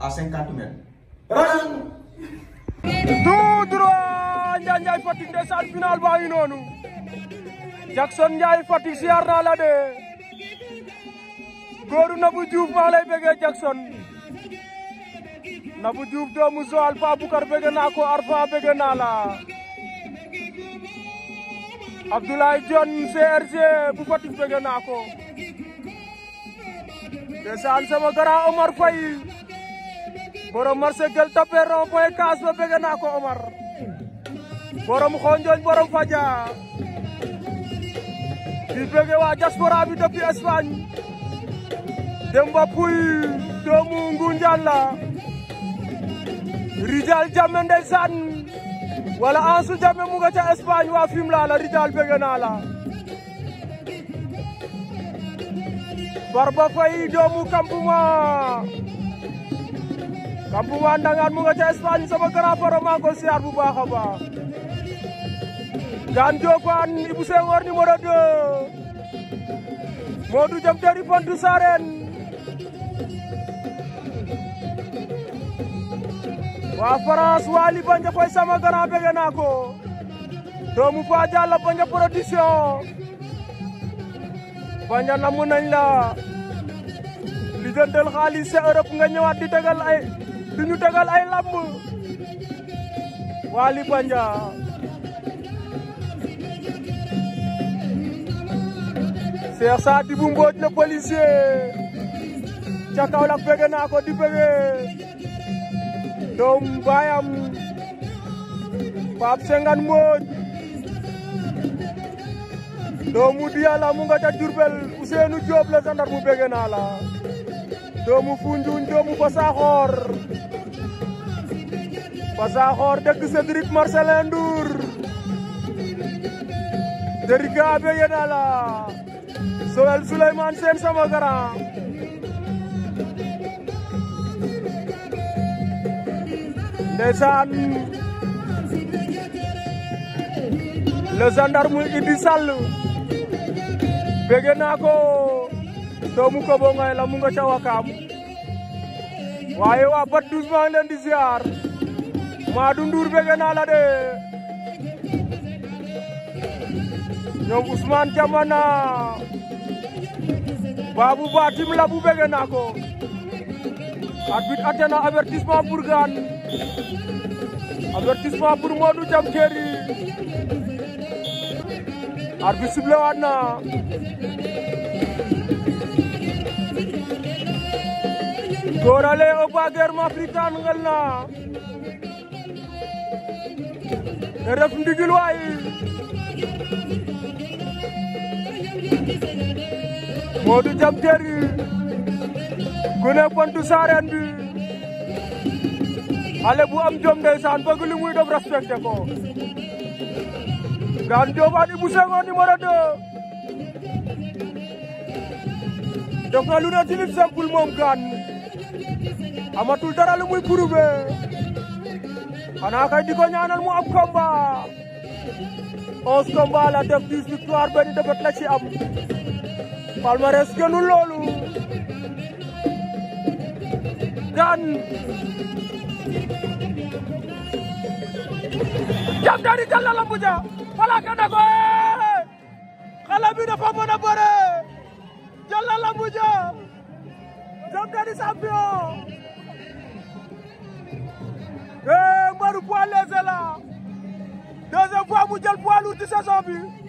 à 50 mètres. tout droit Ndiaye Ndiaye baa ngi noonu Jackson Ndiaye Fatick siyaar naa la de góoru Nabou Diouf maa lay bëggee Jackson Nabou doomu Joal Paa Bukar bëgg naa ko Arfa bëgg naa la Abdoulaye Dione CRG bu Fatick bëgg naa ko ndeysaan sama grand Omar Faye borom marché Gueule Tapée rond-point ba bëgg naa ko Omar borom xonjooñ borom faja di bëgg waa diaspora bi depuis Espagne Demba Puy doomu Ngunjaan la Rijal Jamme ndeysaan wala Ansu Jamme mu nga waa fim laa la Rijal bëgg naa la Barba Faye doomu Kampuma Kampungan Dangan mu nga ca sama grand frère maa ngi ko siyaar bu baax a baax Gane Diofane Senghor numéro dari Pondou saren waa France Wali Banja sama grand bëgg naa ko Fa Diallo Banja production Banja namu nañ la lijjantal xaalis sa Europe nga di tegal ay duñu tegal ay lamb wali banja Cheikh bu Mbodj le policier ca la bëgg na ko di bëggee doom baayam Pape Sengane Mbodj Domu Diyala mu nga ta jurbel Ousseynou job la gendarme mu bëgg naa la doomu Foundiougne doomu Pasahor dëkk Cédric Marcelin Marcel Endur. Dari Gabe Yenala. Ya Soel Sulaiman Sen sama grand ndeysaan le gendarme Idi Sall bege naa ko doomu ko bo ngay la mu nga ca Madou Ndour bëgg naa la de ñoom Ousmane Jamana Babou Batim la bu bëgg naa ko arbitre atte na avertissement pour Gane avertissement pour Modou Jam Kéri arbitre sifflé waat na Gorale o bager ma ngel na ref ndigil waay Modou Jam Terry gune Pointe Sarène bi xale bu am jom ndeysaan bëgg li muy def respecté ko Ngane Diobane Ibou Senghor numéro 2 def na lu ne ci lutte simple moom Ngane amatul lu muy prouvé xanaa kay diko ñaanal mu am combat os combat la def dix victoire benn défaite la ci am palmarès gënul loolu dan jam dari jalla la buja wala ka na ko xala bi dafa mën a bëre jàll la buja jam dari di champion poids léger la deuxième fois mu jël poids lourd ci saison